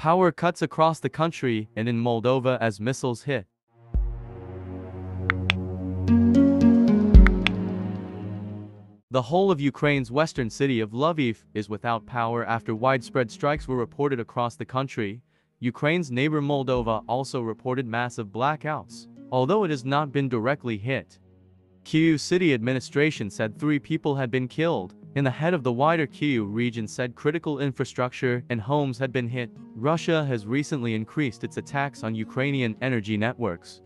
Power cuts across the country and in Moldova as missiles hit. The whole of Ukraine's western city of Lviv is without power after widespread strikes were reported across the country. Ukraine's neighbor Moldova also reported massive blackouts, although it has not been directly hit. Kyiv city administration said three people had been killed, in the head of the wider Kyiv region said critical infrastructure and homes had been hit. Russia has recently increased its attacks on Ukrainian energy networks.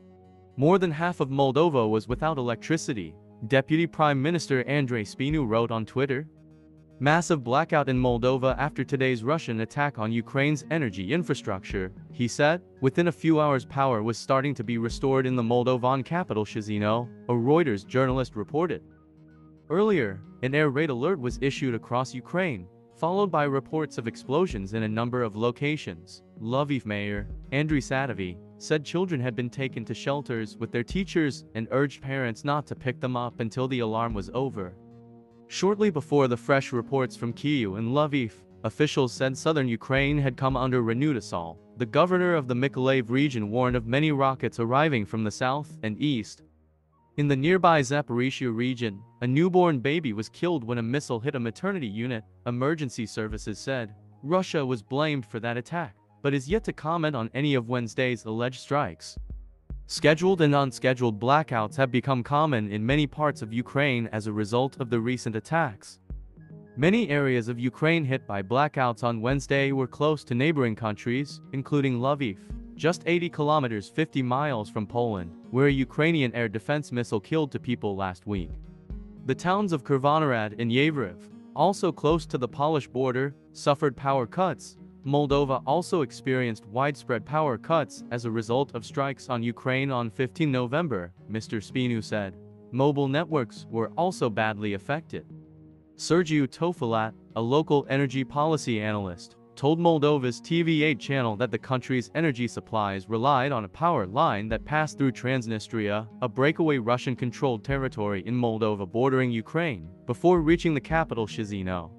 More than half of Moldova was without electricity, Deputy Prime Minister Andrei Spinu wrote on Twitter. Massive blackout in Moldova after today's Russian attack on Ukraine's energy infrastructure, he said. Within a few hours power was starting to be restored in the Moldovan capital Chisinau, a Reuters journalist reported. Earlier, an air raid alert was issued across Ukraine, followed by reports of explosions in a number of locations. Lviv Mayor Andriy Sadovy said children had been taken to shelters with their teachers and urged parents not to pick them up until the alarm was over. Shortly before the fresh reports from Kyiv and Lviv, officials said southern Ukraine had come under renewed assault. The governor of the Mykolaiv region warned of many rockets arriving from the south and east, in the nearby Zaporizhia region, a newborn baby was killed when a missile hit a maternity unit, emergency services said. Russia was blamed for that attack, but is yet to comment on any of Wednesday's alleged strikes. Scheduled and unscheduled blackouts have become common in many parts of Ukraine as a result of the recent attacks. Many areas of Ukraine hit by blackouts on Wednesday were close to neighboring countries, including Lviv, just 80 kilometers 50 miles from Poland, where a Ukrainian air defense missile killed two people last week. The towns of Kurvanarad and Yevreiv, also close to the Polish border, suffered power cuts. Moldova also experienced widespread power cuts as a result of strikes on Ukraine on 15 November, Mr. Spinu said. Mobile networks were also badly affected. Sergiu Tofilat, a local energy policy analyst, told Moldova's TV8 channel that the country's energy supplies relied on a power line that passed through Transnistria, a breakaway Russian-controlled territory in Moldova bordering Ukraine, before reaching the capital Chisinau.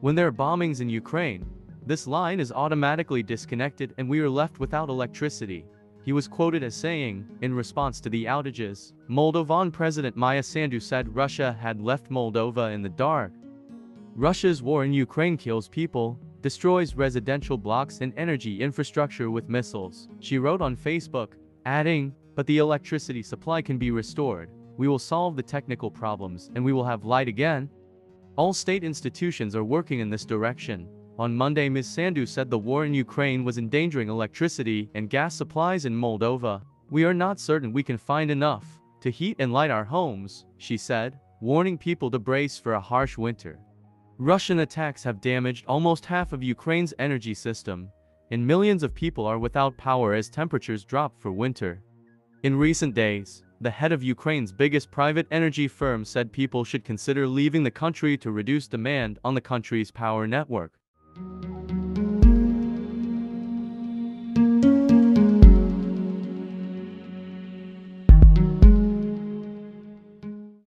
When there are bombings in Ukraine, this line is automatically disconnected and we are left without electricity, he was quoted as saying, in response to the outages, Moldovan President Maya Sandu said Russia had left Moldova in the dark. Russia's war in Ukraine kills people, destroys residential blocks and energy infrastructure with missiles. She wrote on Facebook, adding, but the electricity supply can be restored. We will solve the technical problems and we will have light again. All state institutions are working in this direction. On Monday Ms. Sandu said the war in Ukraine was endangering electricity and gas supplies in Moldova. We are not certain we can find enough to heat and light our homes, she said, warning people to brace for a harsh winter. Russian attacks have damaged almost half of Ukraine's energy system, and millions of people are without power as temperatures drop for winter. In recent days, the head of Ukraine's biggest private energy firm said people should consider leaving the country to reduce demand on the country's power network.